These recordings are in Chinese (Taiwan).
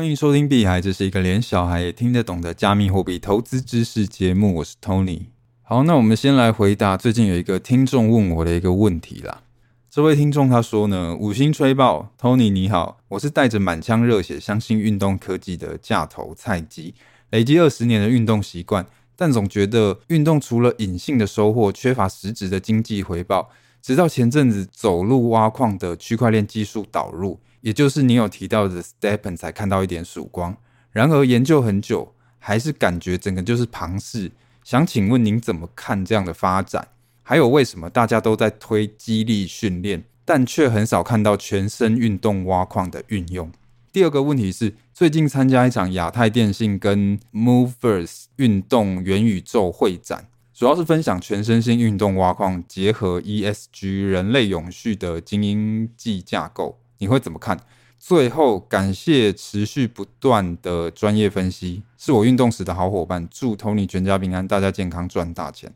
歡迎收聽碧海，這是一個連小孩也聽得懂的加密貨幣投資知識節目。我是 Tony。好，那我們先來回答最近有一個聽眾問我的一個問題啦。這位聽眾他說呢：“五星吹爆 Tony，你好，我是帶着滿腔熱血相信運動科技的架頭菜雞，累積二十年的運動習慣，但總覺得運動除了隱性的收穫，缺乏實質的經濟回報，直到前陣子走路挖礦的區塊鏈技術導入。”也就是你有提到的 STEPN 才看到一點曙光，然而研究很久還是感覺整個就是龐氏。想請問您怎麼看這樣的發展？還有為什麼大家都在推肌力訓練，但卻很少看到全身運動挖礦的運用？第二個問題是，最近參加一場亞太電信跟 Moveverse 運動元宇宙會展，主要是分享全身心運動挖礦結合 ESG 人類永續的精英級架構。你會怎麼看？最後，感謝持續不斷的專業分析，是我運動時的好伙伴。祝 Tony 全家平安，大家健康，賺大錢。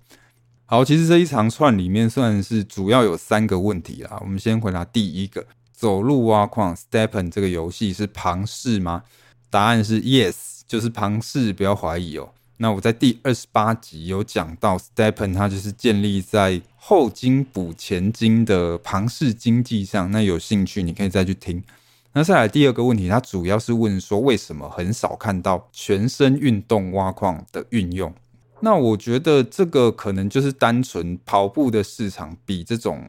好，其實這一長串裡面算是主要有三個問題啦。我們先回答第一個，走路挖礦，STEPN 這個遊戲是龐氏嗎？答案是 Yes，就是龐氏，不要懷疑哦。那我在第二十八集有講到 STEPN 他就是建立在後金補前金的龐氏經濟上。那有興趣你可以再去聽。那再來第二個問題，他主要是問說，為什麼很少看到全身運動挖礦的運用？那我覺得這個可能就是單純跑步的市場比這種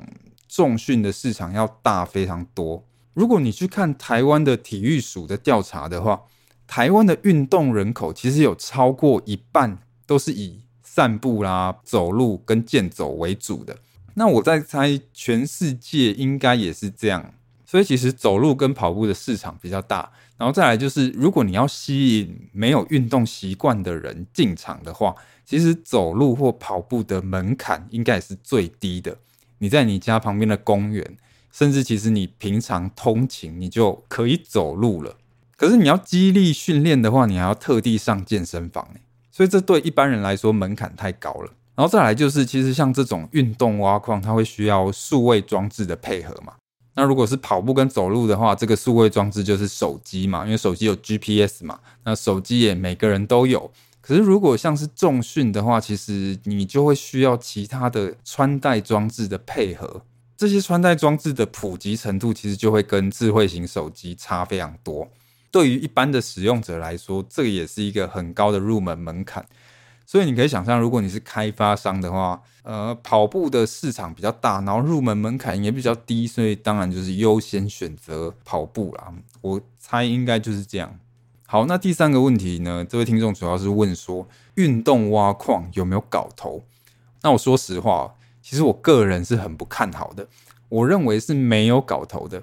重訓的市場要大非常多，如果你去看台灣的體育署的調查的話。台灣的運動人口其實有超過一半都是以散步啦、啊、走路跟健走為主的。那我在猜，全世界應該也是這樣。所以其實走路跟跑步的市場比較大。然後再來就是，如果你要吸引沒有運動習慣的人進場的話，其實走路或跑步的門檻應該也是最低的。你在你家旁邊的公園，甚至其實你平常通勤，你就可以走路了。可是你要肌力訓練的話，你還要特地上健身房呢、欸，所以這對一般人來說門檻太高了。然後再來就是，其實像這種運動挖礦，它會需要數位裝置的配合嘛。那如果是跑步跟走路的話，這個數位裝置就是手機嘛，因為手機有 GPS 嘛。那手機也每個人都有。可是如果像是重訓的話，其實你就會需要其他的穿戴裝置的配合。這些穿戴裝置的普及程度，其實就會跟智慧型手機差非常多。對於一般的使用者來說，這個也是一個很高的入門門檻。所以你可以想象，如果你是開發商的話，呃，跑步的市場比較大，然後入門門檻也比較低，所以當然就是優先選擇跑步啦，我猜應該就是這樣。好，那第三個問題呢，這位聽眾主要是問說，運動挖礦有沒有搞頭？那我說實話，其實我個人是很不看好的，我認為是沒有搞頭的。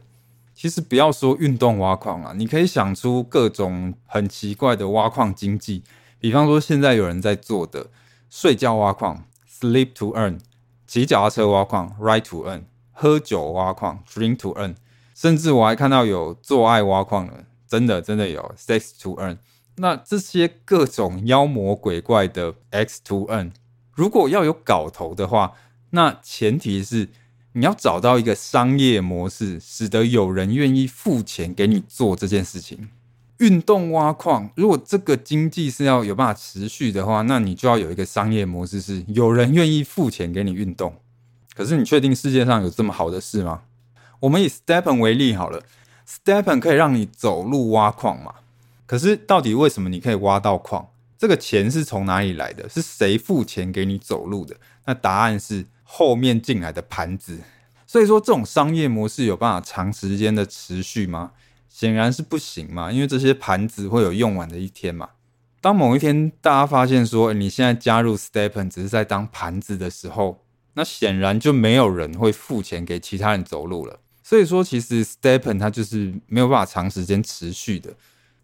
其實不要說運動挖礦了，你可以想出各種很奇怪的挖礦經濟，比方說現在有人在做的睡覺挖礦 （sleep to earn）、騎腳踏車挖礦 （ride to earn）、喝酒挖礦 （drink to earn），甚至我還看到有做愛挖礦的，真的真的有 （sex to earn）。那這些各種妖魔鬼怪的 X to earn，如果要有搞頭的話，那前提是。你要找到一個商業模式，使得有人願意付錢給你做這件事情。運動挖礦，如果這個經濟是要有辦法持續的話，那你就要有一個商業模式，是有人願意付錢給你運動。可是你確定世界上有這麼好的事嗎？我們以 STEPN 為例好了，STEPN 可以讓你走路挖礦嘛？可是到底為什麼你可以挖到礦？這個錢是從哪裡來的？是誰付錢給你走路的？那答案是。後面進來的盤子，所以說這種商業模式有辦法長時間的持續嗎？顯然是不行嘛，因為這些盤子會有用完的一天嘛。當某一天大家發現說，欸、你現在加入 STEPN 只是在當盤子的時候，那顯然就沒有人會付錢給其他人走路了。所以說，其實 STEPN 它就是沒有辦法長時間持續的。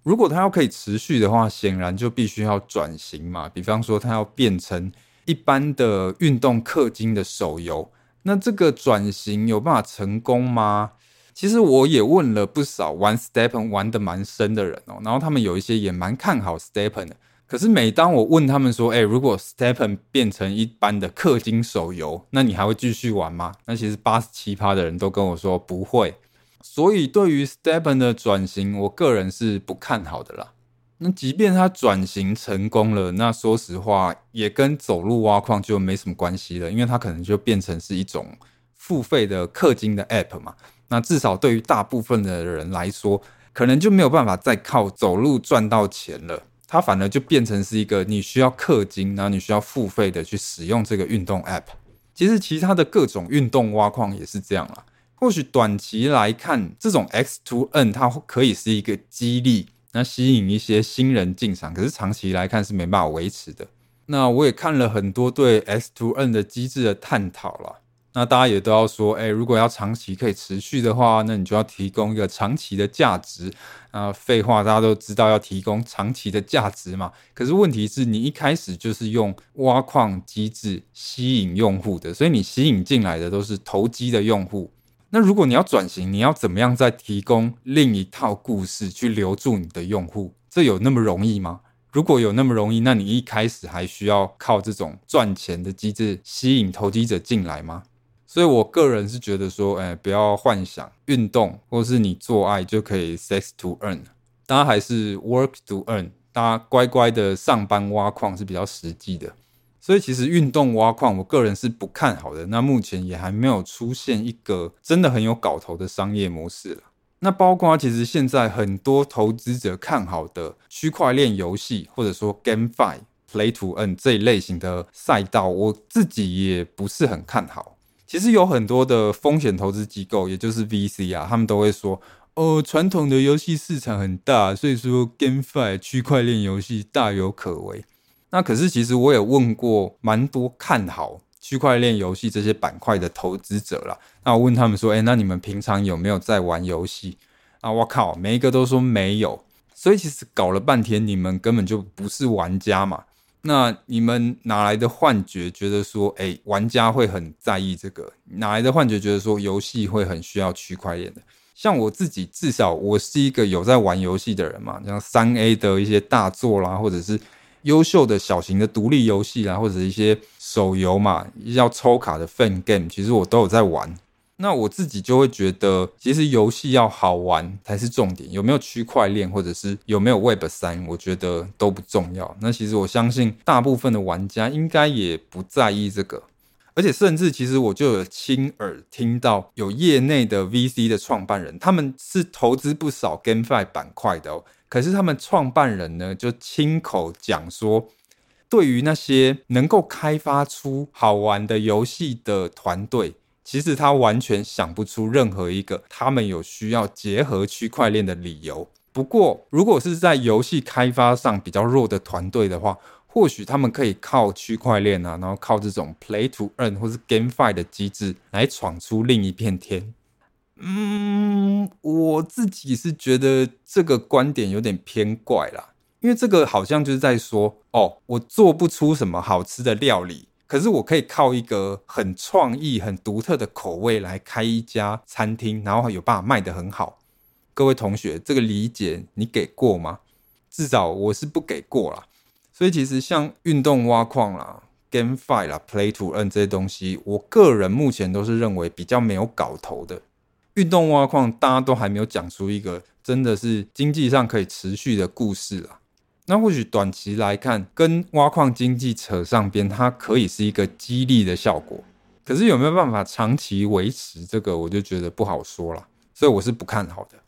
如果它要可以持續的話，顯然就必須要轉型嘛，比方說它要變成。一般的運動氪金的手遊，那這個轉型有辦法成功嗎？其實我也問了不少玩 STEPN 玩的蠻深的人哦、喔，然後他們有一些也蠻看好 STEPN 的。可是每當我問他們說，哎、欸，如果 STEPN 變成一般的氪金手遊，那你還會繼續玩嗎？那其實八十七趴的人都跟我說不會。所以對於 STEPN 的轉型，我個人是不看好的啦。那即便它轉型成功了，那說實話也跟走路挖礦就沒什麼關係了，因為它可能就變成是一種付費的氪金的 app 嘛。那至少對於大部分的人來說，可能就沒有辦法再靠走路賺到錢了。它反而就變成是一個你需要氪金，然後你需要付費的去使用這個運動 app。其實其他的各種運動挖礦也是這樣啦，或許短期來看，這種 X to N 它可以是一個激勵。那吸引一些新人進場，可是長期來看是沒辦法維持的。那我也看了很多對 S to N 的機制的探討了，那大家也都要說，哎、欸，如果要長期可以持續的話，那你就要提供一個長期的價值。啊、呃，廢話，大家都知道要提供長期的價值嘛。可是問題是你一開始就是用挖礦機制吸引用戶的，所以你吸引進來的都是投機的用戶。那如果你要轉型，你要怎麼樣再提供另一套故事去留住你的用戶？這有那麼容易嗎？如果有那麼容易，那你一開始還需要靠這種賺錢的機制吸引投機者進來嗎？所以我個人是覺得說，哎，不要幻想運動或是你做愛就可以 sex to earn，大家還是 work to earn，大家乖乖的上班挖礦是比較實際的。所以，其實運動挖礦，我個人是不看好的。那目前也還沒有出現一個真的很有搞頭的商業模式了。那包括其實現在很多投資者看好的區塊鏈遊戲，或者說 GameFi、Play to Earn 這一類型的賽道，我自己也不是很看好。其實有很多的風險投資機構，也就是 VC 啊，他們都會說，呃、哦，傳統的遊戲市場很大，所以說 GameFi 區塊鏈遊戲大有可為。那可是，其實我也問過蠻多看好區塊鏈遊戲這些板塊的投資者啦。那我問他們說：“誒，那你們平常有沒有在玩遊戲啊？”我靠，每一個都說沒有。所以其實搞了半天，你們根本就不是玩家嘛。那你們哪來的幻覺，覺得說誒，玩家會很在意這個？哪來的幻覺，覺得說遊戲會很需要區塊鏈的？像我自己，至少我是一個有在玩遊戲的人嘛。像三 A 的一些大作啦，或者是。優秀的小型的獨立遊戲啊，或者一些手遊嘛，要抽卡的 Fan Game，其實我都有在玩。那我自己就會覺得，其實遊戲要好玩才是重點。有沒有區塊鏈或者是有沒有 Web 三，我覺得都不重要。那其實我相信大部分的玩家應該也不在意這個。而且甚至，其實我就有親耳聽到有業內的 VC 的創辦人，他們是投資不少 GameFi 板塊的哦。可是他們創辦人呢，就親口講說，對於那些能夠開發出好玩的遊戲的團隊，其實他完全想不出任何一個他們有需要結合區塊鏈的理由。不過，如果是在遊戲開發上比較弱的團隊的話，或許他們可以靠區塊鏈啊，然後靠這種 play to earn 或是 GameFi 的機制來闖出另一片天。嗯，我自己是覺得這個觀點有點偏怪啦，因為這個好像就是在說，哦，我做不出什麼好吃的料理，可是我可以靠一個很創意、很獨特的口味來開一家餐廳，然後有辦法賣得很好。各位同學，這個理解你給過嗎？至少我是不給過啦。所以其實像運動挖礦啦、GameFi 啦、Play to Earn 這些東西，我個人目前都是認為比較沒有搞頭的。運動挖礦大家都還沒有講出一個真的是經濟上可以持續的故事啊。那或許短期來看跟挖礦經濟扯上邊，它可以是一個激勵的效果。可是有沒有辦法長期維持這個，我就覺得不好說了。所以我是不看好的。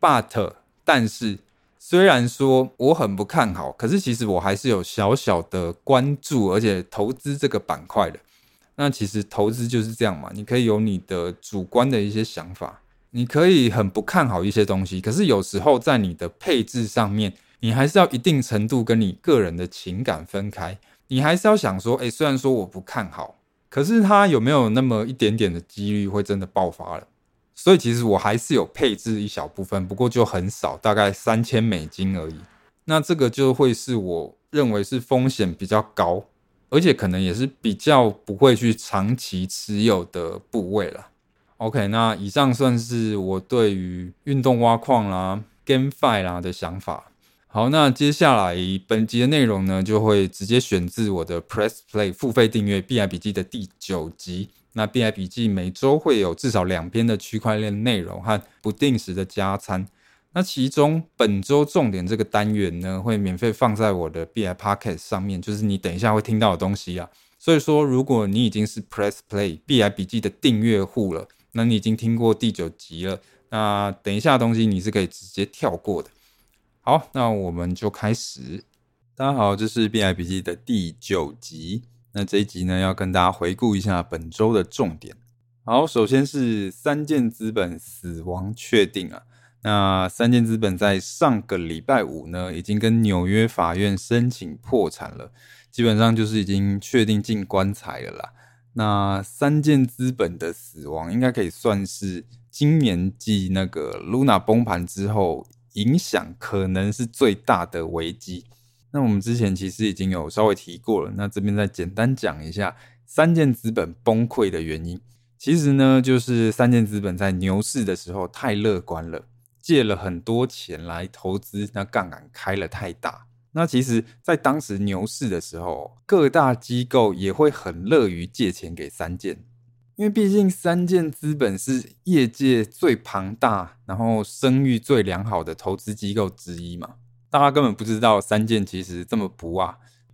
But 但是雖然說我很不看好，可是其實我還是有小小的關注，而且投資這個板塊的。那其實投資就是這樣嘛，你可以有你的主觀的一些想法，你可以很不看好一些東西，可是有時候在你的配置上面，你還是要一定程度跟你個人的情感分開，你還是要想說，哎、欸，雖然說我不看好，可是它有沒有那麼一點點的幾率會真的爆發了？所以其實我還是有配置一小部分，不過就很少，大概三千美金而已。那這個就會是我認為是風險比較高。而且可能也是比較不會去長期持有的部位了。OK，那以上算是我對於運動挖礦啦、GameFi 啦的想法。好，那接下來本集的內容呢，就會直接選自我的 Press Play 付費訂閱 BI 筆記的第九集。那 BI 筆記每周會有至少兩篇的區塊鏈內容和不定時的加餐。那其中本周重點這個單元呢，會免費放在我的 BI Podcast 上面，就是你等一下會聽到的東西啊。所以說，如果你已經是 Press Play BI 筆記的訂閱戶了，那你已經聽過第九集了，那等一下東西你是可以直接跳過的。好，那我們就開始。大家好，這是 BI 筆記的第九集。那這一集呢，要跟大家回顧一下本周的重點。好，首先是三箭資本死亡確定啊。那三箭資本在上個禮拜五呢，已經跟紐約法院申請破產了，基本上就是已經確定進棺材了啦。那三箭資本的死亡應該可以算是今年繼那個 Luna 崩盤之後，影響可能是最大的危機。那我們之前其實已經有稍微提過了，那這邊再簡單講一下三箭資本崩潰的原因。其實呢，就是三箭資本在牛市的時候太樂觀了。借了很多錢來投資，那槓桿開了太大。那其實，在當時牛市的時候，各大機構也會很樂於借錢給三箭，因為畢竟三箭資本是業界最龐大，然後聲譽最良好的投資機構之一嘛。大家根本不知道三箭其實這麼不啊。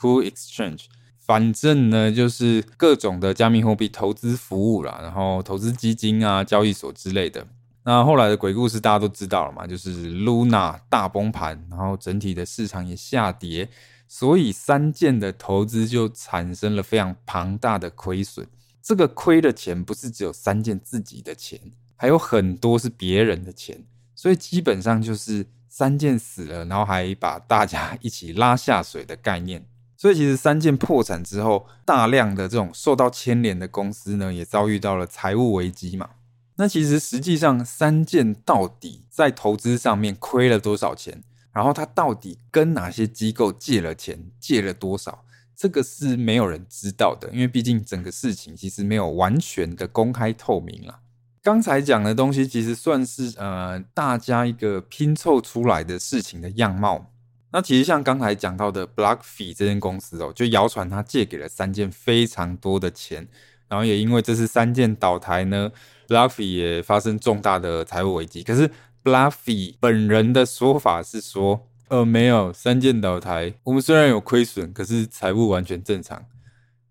Cool Exchange，反正呢，就是各種的加密貨幣投資服務啦，然後投資基金啊、交易所之類的。那後來的鬼故事大家都知道了嘛，就是 Luna 大崩盤，然後整體的市場也下跌，所以三箭的投資就產生了非常龐大的虧損。這個虧的錢不是只有三箭自己的錢，還有很多是別人的錢，所以基本上就是三箭死了，然後還把大家一起拉下水的概念。所以，其實三箭破產之後，大量的這種受到牽連的公司呢，也遭遇到了財務危機嘛。那其實實際上，三箭到底在投資上面虧了多少錢？然後他到底跟哪些機構借了錢，借了多少？這個是沒有人知道的，因為畢竟整個事情其實沒有完全的公開透明啦。剛才講的東西，其實算是呃大家一個拼湊出來的事情的樣貌。那其實像剛才講到的 BlockFi 這間公司哦，就謠傳他借給了三箭非常多的錢，然後也因為這是三箭倒台呢，BlockFi 也發生重大的財務危機。可是 BlockFi 本人的說法是說，呃，沒有三箭倒台，我們雖然有虧損，可是財務完全正常。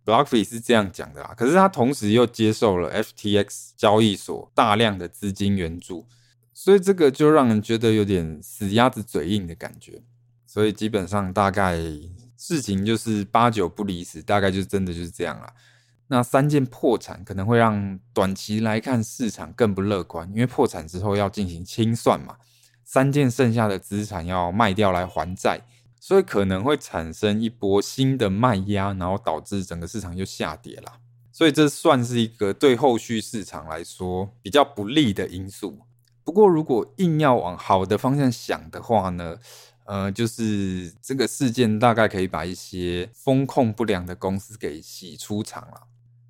BlockFi 是這樣講的啦，可是他同時又接受了 FTX 交易所大量的資金援助，所以這個就讓人覺得有點死鴨子嘴硬的感覺。所以基本上大概事情就是八九不離十，大概就真的就是這樣了。那三箭破產可能會讓短期來看市場更不樂觀，因為破產之後要進行清算嘛，三箭剩下的資產要賣掉來還債，所以可能會產生一波新的賣壓，然後導致整個市場就下跌了。所以這算是一個對後續市場來說比較不利的因素。不過如果硬要往好的方向想的話呢？呃，就是這個事件大概可以把一些風控不良的公司給洗出場了。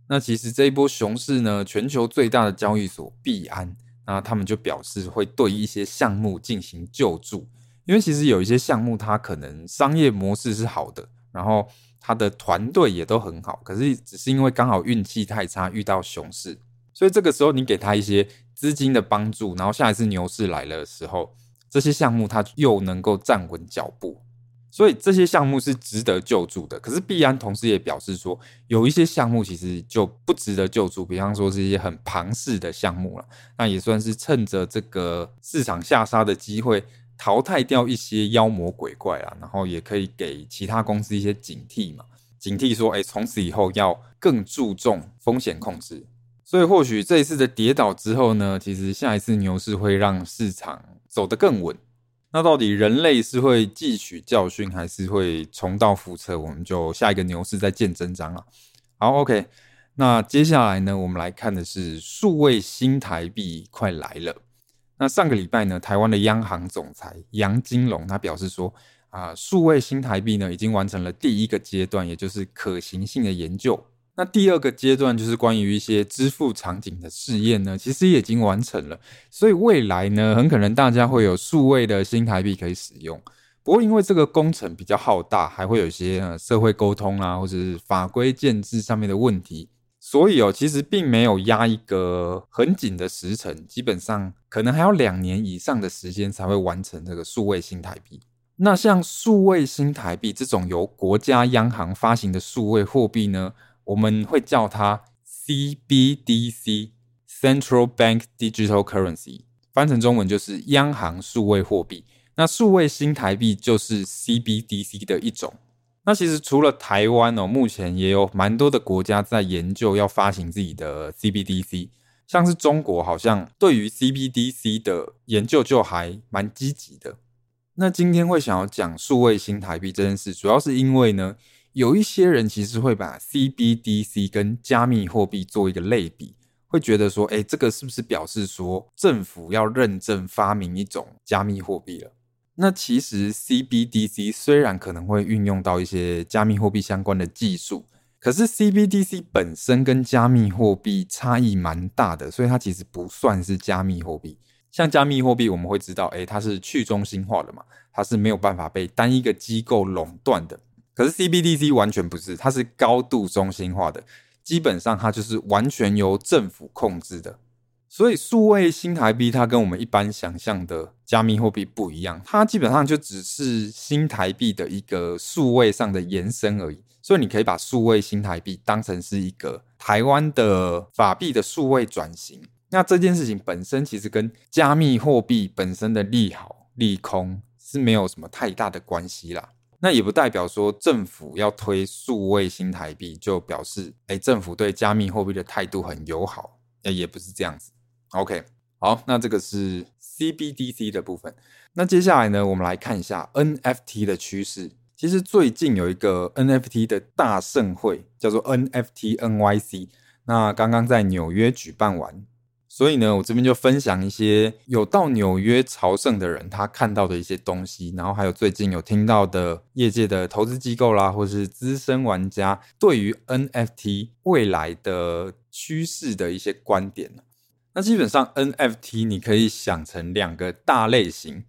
那其實這一波熊市呢，全球最大的交易所幣安，那他們就表示會對一些項目進行救助，因為其實有一些項目它可能商業模式是好的，然後它的團隊也都很好，可是只是因為剛好運氣太差遇到熊市，所以這個時候你給他一些資金的幫助，然後下一次牛市來了的時候，這些項目它又能夠站穩腳步，所以這些項目是值得救助的。可是幣安同時也表示說，有一些項目其實就不值得救助，比方說是一些很龐氏的項目了。那也算是趁着這個市場下殺的機會，淘汰掉一些妖魔鬼怪啊，然後也可以給其他公司一些警惕嘛，警惕說，哎、欸，從此以後要更注重風險控制。所以，或許這一次的跌倒之後呢，其實下一次牛市會讓市場走得更穩。那到底人類是會汲取教訓，還是會重蹈覆轍？我們就下一個牛市再見真章了。好，OK。那接下來呢，我們來看的是數位新台幣快來了。那上個禮拜呢，台灣的央行總裁楊金龍他表示說，啊、呃，數位新台幣呢已經完成了第一個階段，也就是可行性的研究。那第二個階段就是關於一些支付場景的試驗呢，其實也已經完成了。所以未來呢，很可能大家會有數位的新台幣可以使用。不過因為這個工程比較浩大，還會有一些社會溝通啊，或者是法規建製上面的問題，所以哦，其實並沒有壓一個很緊的時程，基本上可能還要兩年以上的時間才會完成這個數位新台幣。那像數位新台幣這種由國家央行發行的數位貨幣呢，我們會叫它 CBDC（Central Bank Digital Currency），翻成中文就是央行數位貨幣。那數位新台幣就是 CBDC 的一種。那其實除了台灣哦，目前也有蠻多的國家在研究要發行自己的 CBDC。像是中國好像對於 CBDC 的研究就還蠻積極的。那今天會想要講數位新台幣這件事，主要是因為呢。有一些人其實會把 CBDC 跟加密貨幣做一個類比，會覺得說，哎、欸，這個是不是表示說政府要認證發明一種加密貨幣了？那其實 CBDC 雖然可能會運用到一些加密貨幣相關的技術，可是 CBDC 本身跟加密貨幣差異蠻大的，所以它其實不算是加密貨幣。像加密貨幣，我們會知道，哎、欸，它是去中心化的嘛，它是沒有辦法被單一個機構壟斷的。可是 CBDC 完全不是，它是高度中心化的，基本上它就是完全由政府控制的。所以數位新台幣它跟我們一般想象的加密貨幣不一樣，它基本上就只是新台幣的一個數位上的延伸而已。所以你可以把數位新台幣當成是一個台灣的法幣的數位轉型。那這件事情本身其實跟加密貨幣本身的利好利空是沒有什麼太大的關係啦。那也不代表說政府要推數位新台幣，就表示誒、欸，政府對加密貨幣的態度很友好，誒、欸，也不是這樣子。OK，好，那這個是 CBDC 的部分。那接下來呢，我們來看一下 NFT 的趨勢。其實最近有一個 NFT 的大盛會，叫做 NFT NYC，那剛剛在紐約舉辦完。所以呢，我這邊就分享一些有到紐約朝聖的人，他看到的一些東西，然後還有最近有聽到的業界的投資機構啦，或者是資深玩家對於 NFT 未來的趨勢的一些觀點。那基本上 NFT 你可以想成兩個大類型，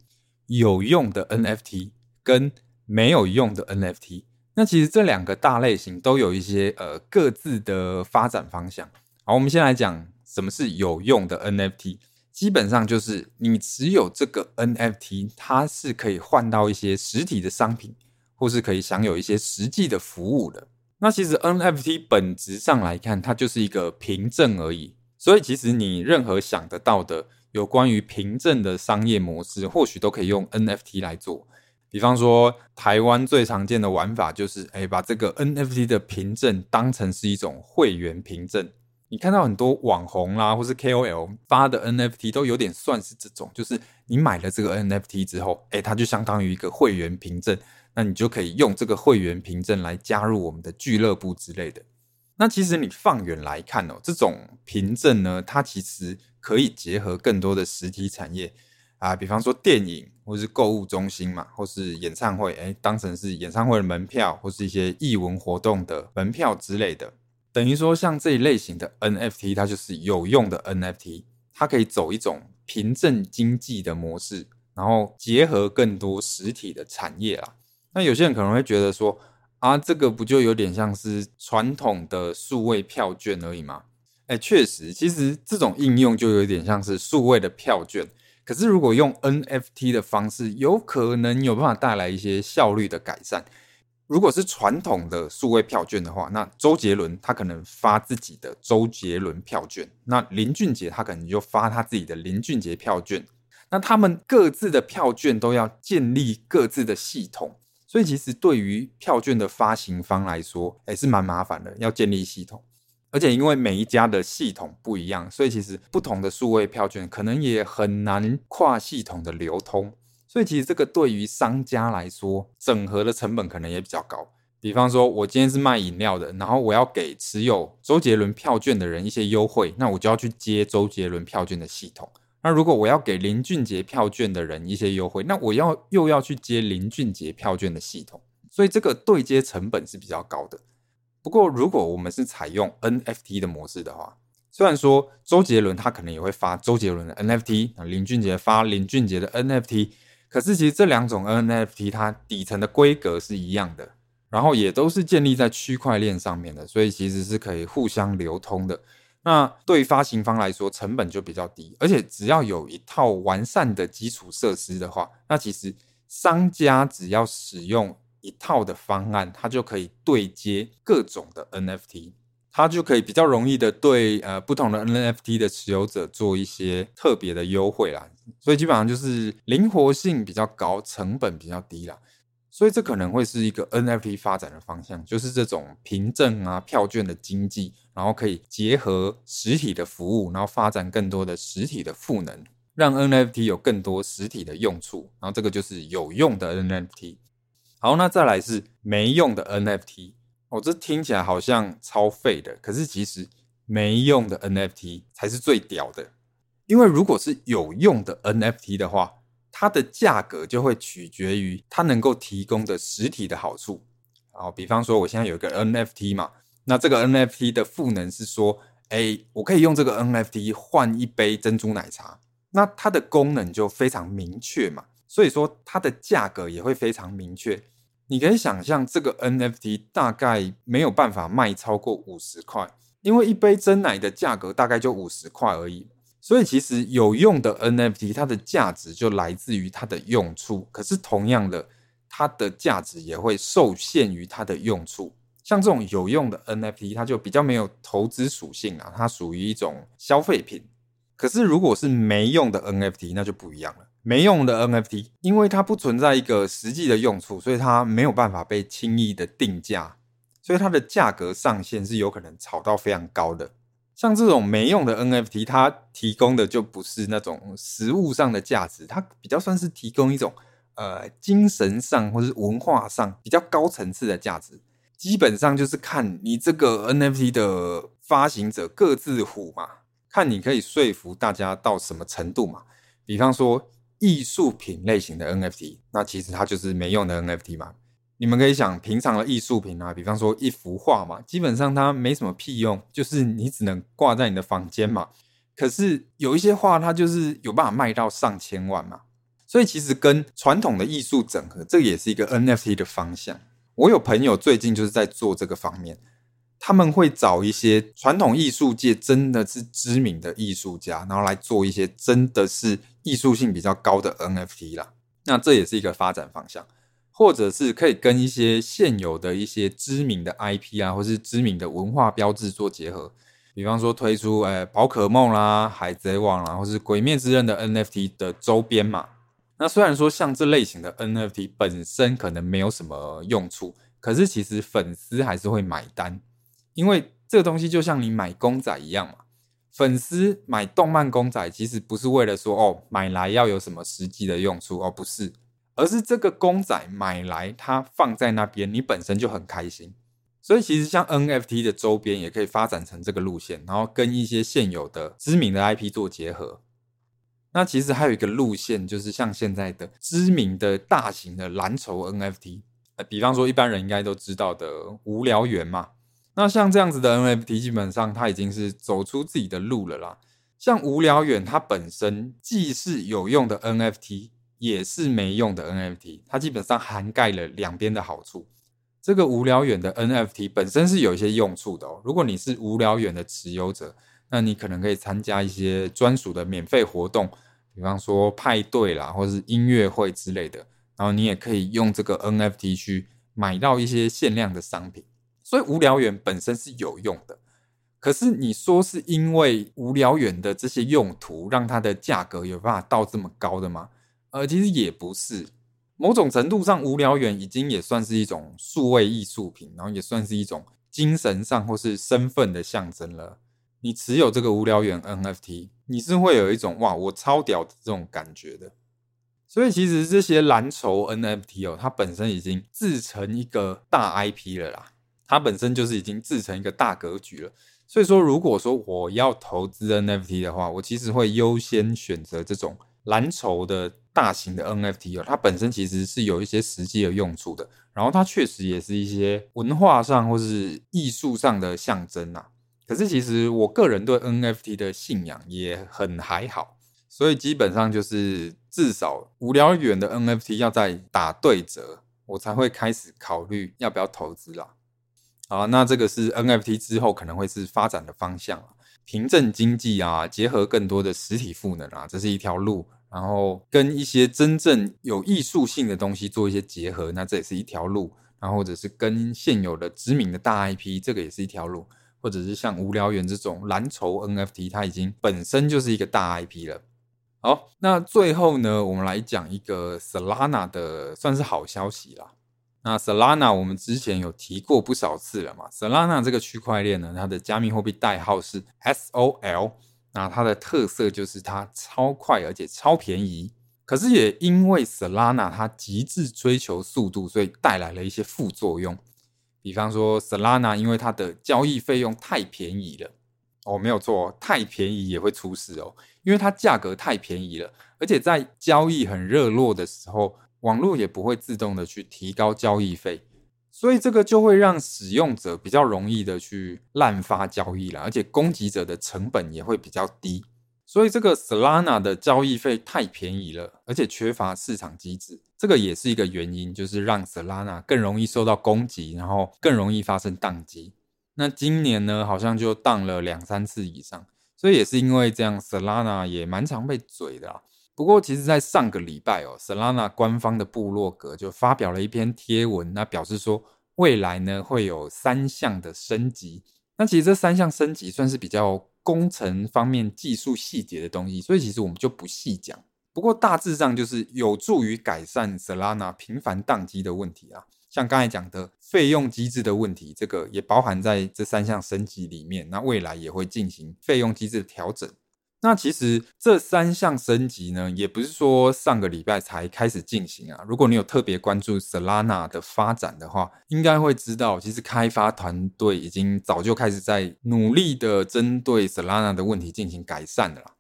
有用的 NFT 跟沒有用的 NFT。那其實這兩個大類型都有一些呃各自的發展方向。好，我們先來講。什麼是有用的 NFT？基本上就是你持有這個 NFT，它是可以換到一些實體的商品，或是可以享有一些實際的服務的。那其實 NFT 本質上來看，它就是一個憑證而已。所以其實你任何想得到的有關於憑證的商業模式，或許都可以用 NFT 來做。比方說，台灣最常見的玩法就是，哎、欸，把這個 NFT 的憑證當成是一種會員憑證。你看到很多網紅啦、啊，或是 KOL 發的 NFT 都有點算是這種，就是你買了這個 NFT 之後，哎、欸，它就相當於一個會員憑證，那你就可以用這個會員憑證來加入我們的俱樂部之類的。那其實你放遠來看哦，這種憑證呢，它其實可以結合更多的實體產業啊，比方說電影或是購物中心嘛，或是演唱會，哎、欸，當成是演唱會的門票或是一些藝文活動的門票之類的。等於說，像這一類型的 NFT，它就是有用的 NFT，它可以走一種憑證經濟的模式，然後結合更多實體的產業啊。那有些人可能會覺得說，啊，這個不就有點像是傳統的數位票券而已嗎？哎、欸，確實，其實這種應用就有點像是數位的票券，可是如果用 NFT 的方式，有可能有辦法帶來一些效率的改善。如果是傳統的數位票券的話，那周杰倫他可能發自己的周杰倫票券，那林俊杰他可能就發他自己的林俊杰票券，那他們各自的票券都要建立各自的系統，所以其實對於票券的發行方來說，也、欸，是蠻麻煩的，要建立系統，而且因為每一家的系統不一樣，所以其實不同的數位票券可能也很難跨系統的流通。所以其實這個對於商家來說，整合的成本可能也比較高。比方說，我今天是賣飲料的，然後我要給持有周杰倫票券的人一些優惠，那我就要去接周杰倫票券的系統。那如果我要給林俊傑票券的人一些優惠，那我要又要去接林俊傑票券的系統。所以這個對接成本是比較高的。不過如果我們是採用 NFT 的模式的話，雖然說周杰倫他可能也會發周杰倫的 NFT，林俊傑發林俊傑的 NFT。可是其實這兩種 NFT 它底層的規格是一樣的，然後也都是建立在區塊鏈上面的，所以其實是可以互相流通的。那對發行方來說，成本就比較低，而且只要有一套完善的基礎設施的話，那其實商家只要使用一套的方案，它就可以對接各種的 NFT。它就可以比較容易的對呃、不同的 NFT 的持有者做一些特別的優惠啦，所以基本上就是靈活性比較高，成本比較低啦，所以這可能會是一個 NFT 發展的方向，就是這種憑證啊、票券的經濟，然後可以結合實體的服務，然後發展更多的實體的賦能，讓 NFT 有更多實體的用處，然後這個就是有用的 NFT。好，那再來是沒用的 NFT。哦，這聽起來好像超廢的，可是其實沒用的 NFT 才是最屌的。因為如果是有用的 NFT 的話，它的價格就會取決於它能夠提供的實體的好處。好，比方說我現在有一個 NFT 嘛，那這個 NFT 的賦能是說，哎、欸，我可以用這個 NFT 換一杯珍珠奶茶，那它的功能就非常明確嘛，所以說它的價格也會非常明確。你可以想象，這個 NFT 大概沒有辦法賣超過五十塊，因為一杯珍奶的價格大概就五十塊而已。所以，其實有用的 NFT 它的價值就來自於它的用處。可是，同樣的，它的價值也會受限於它的用處。像這種有用的 NFT，它就比較沒有投資屬性啊，它屬於一種消費品。可是，如果是沒用的 NFT，那就不一樣了。沒用的 NFT，因為它不存在一個實際的用處，所以它沒有辦法被輕易的定價，所以它的價格上限是有可能炒到非常高的。像這種沒用的 NFT，它提供的就不是那種實物上的價值，它比較算是提供一種呃精神上或是文化上比較高層次的價值。基本上就是看你這個 NFT 的發行者各自虎嘛，看你可以說服大家到什麼程度嘛。比方說。藝術品類型的 NFT，那其實它就是沒用的 NFT 嘛。你們可以想，平常的藝術品啊，比方說一幅畫嘛，基本上它沒什麼屁用，就是你只能掛在你的房間嘛。可是有一些畫，它就是有辦法賣到上千萬嘛。所以其實跟傳統的藝術整合，這個也是一個 NFT 的方向。我有朋友最近就是在做這個方面，他們會找一些傳統藝術界真的是知名的藝術家，然後來做一些真的是。藝術性比較高的 NFT 啦，那這也是一個發展方向，或者是可以跟一些現有的一些知名的 IP 啊，或是知名的文化標誌做結合，比方說推出誒寶可夢啦、海賊王啦，或是鬼滅之刃的 NFT 的周邊嘛。那雖然說像這類型的 NFT 本身可能沒有什麼用處，可是其實粉絲還是會買單，因為這個東西就像你買公仔一樣嘛。粉絲買動漫公仔其實不是為了說哦，買來要有什麼實際的用處哦，不是，而是這個公仔買來，它放在那邊，你本身就很開心。所以其實像 NFT 的周邊也可以發展成這個路線，然後跟一些現有的知名的 IP 做結合。那其實還有一個路線，就是像現在的知名的大型的藍籌 NFT，呃，比方說一般人應該都知道的無聊猿嘛。那像這樣子的 NFT，基本上它已經是走出自己的路了啦。像無聊猿，它本身既是有用的 NFT，也是沒用的 NFT。它基本上涵蓋了兩邊的好處。這個無聊猿的 NFT 本身是有一些用處的哦。如果你是無聊猿的持有者，那你可能可以參加一些專屬的免費活動，比方說派對啦，或是音樂會之類的。然後你也可以用這個 NFT 去買到一些限量的商品。所以無聊猿本身是有用的，可是你說是因為無聊猿的這些用途讓它的價格有辦法到這麼高的嗎？呃，其實也不是。某種程度上，無聊猿已經也算是一種數位藝術品，然後也算是一種精神上或是身份的象徵了。你持有這個無聊猿 NFT，你是會有一種哇，我超屌的這種感覺的。所以其實這些藍籌 NFT 哦，它本身已經自成一個大 IP 了啦。它本身就是已經自成一個大格局了，所以說如果說我要投資 NFT 的話，我其實會優先選擇這種藍籌的大型的 NFT 它、哦、本身其實是有一些實際的用處的，然後它確實也是一些文化上或是藝術上的象徵啊，可是其實我個人對 NFT 的信仰也很還好，所以基本上就是至少無聊猿的 NFT 要再打對折，我才會開始考慮要不要投資啦、啊。啊，那這個是 NFT 之後可能會是發展的方向啊，憑證經濟啊，結合更多的實體賦能啊，這是一條路。然後跟一些真正有藝術性的東西做一些結合，那這也是一條路。然後或者是跟現有的知名的大 IP，這個也是一條路。或者是像無聊猿這種藍籌 NFT，它已經本身就是一個大 IP 了。好，那最後呢，我們來講一個 Solana 的算是好消息啦。那 Solana 我們之前有提過不少次了嘛，Solana 這個區塊鏈呢，它的加密貨幣代號是 SOL。那它的特色就是它超快而且超便宜。可是也因為 Solana 它極致追求速度，所以帶來了一些副作用。比方說 Solana 因為它的交易費用太便宜了，哦，沒有錯哦，太便宜也會出事哦，因為它價格太便宜了，而且在交易很熱絡的時候。網絡也不會自動的去提高交易費，所以這個就會讓使用者比較容易的去濫發交易啦，而且攻擊者的成本也會比較低，所以這個 Solana 的交易費太便宜了，而且缺乏市場機制，這個也是一個原因，就是讓 Solana 更容易受到攻擊，然後更容易發生宕機。那今年呢，好像就宕了兩三次以上，所以也是因為這樣，Solana 也蠻常被嘴的。不過，其實，在上個禮拜哦，Solana 官方的部落格就發表了一篇貼文，那表示說未來呢會有三項的升級。那其實這三項升級算是比較工程方面、技術細節的東西，所以其實我們就不細講。不過大致上就是有助於改善 Solana 頻繁宕機的問題啊，像剛才講的費用機制的問題，這個也包含在這三項升級裡面。那未來也會進行費用機制的調整。那其實這三項升級呢，也不是說上個禮拜才開始進行啊。如果你有特別關注 Solana 的發展的話，應該會知道，其實開發團隊已經早就開始在努力的針對 Solana 的問題進行改善的啦。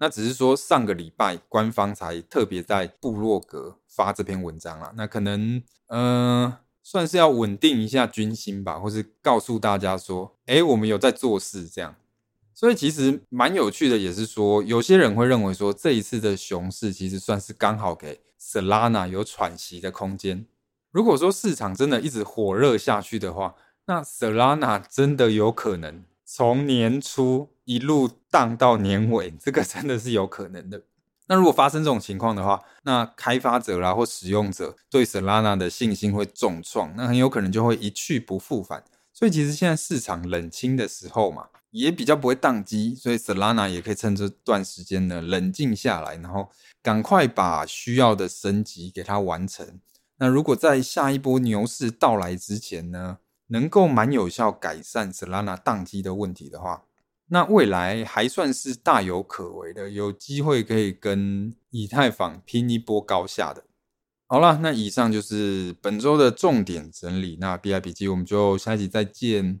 那只是說上個禮拜官方才特別在部落格發這篇文章了。那可能嗯、呃，算是要穩定一下軍心吧，或是告訴大家說，哎、欸，我們有在做事這樣。所以其實蠻有趣的，也是說，有些人會認為說，這一次的熊市其實算是剛好給 Solana 有喘息的空間。如果說市場真的一直火熱下去的話，那 Solana 真的有可能從年初一路蕩到年尾，這個真的是有可能的。那如果發生這種情況的話，那開發者啦或使用者對 Solana 的信心會重創，那很有可能就會一去不復返。所以其實現在市場冷清的時候嘛。也比較不會宕機，所以 Solana 也可以趁這段時間呢冷靜下來，然後趕快把需要的升級給它完成。那如果在下一波牛市到來之前呢，能夠蠻有效改善 Solana 宕機的問題的話，那未來還算是大有可為的，有機會可以跟以太坊拼一波高下的。好了，那以上就是本週的重點整理。那 BI 筆記，我們就下一集再見。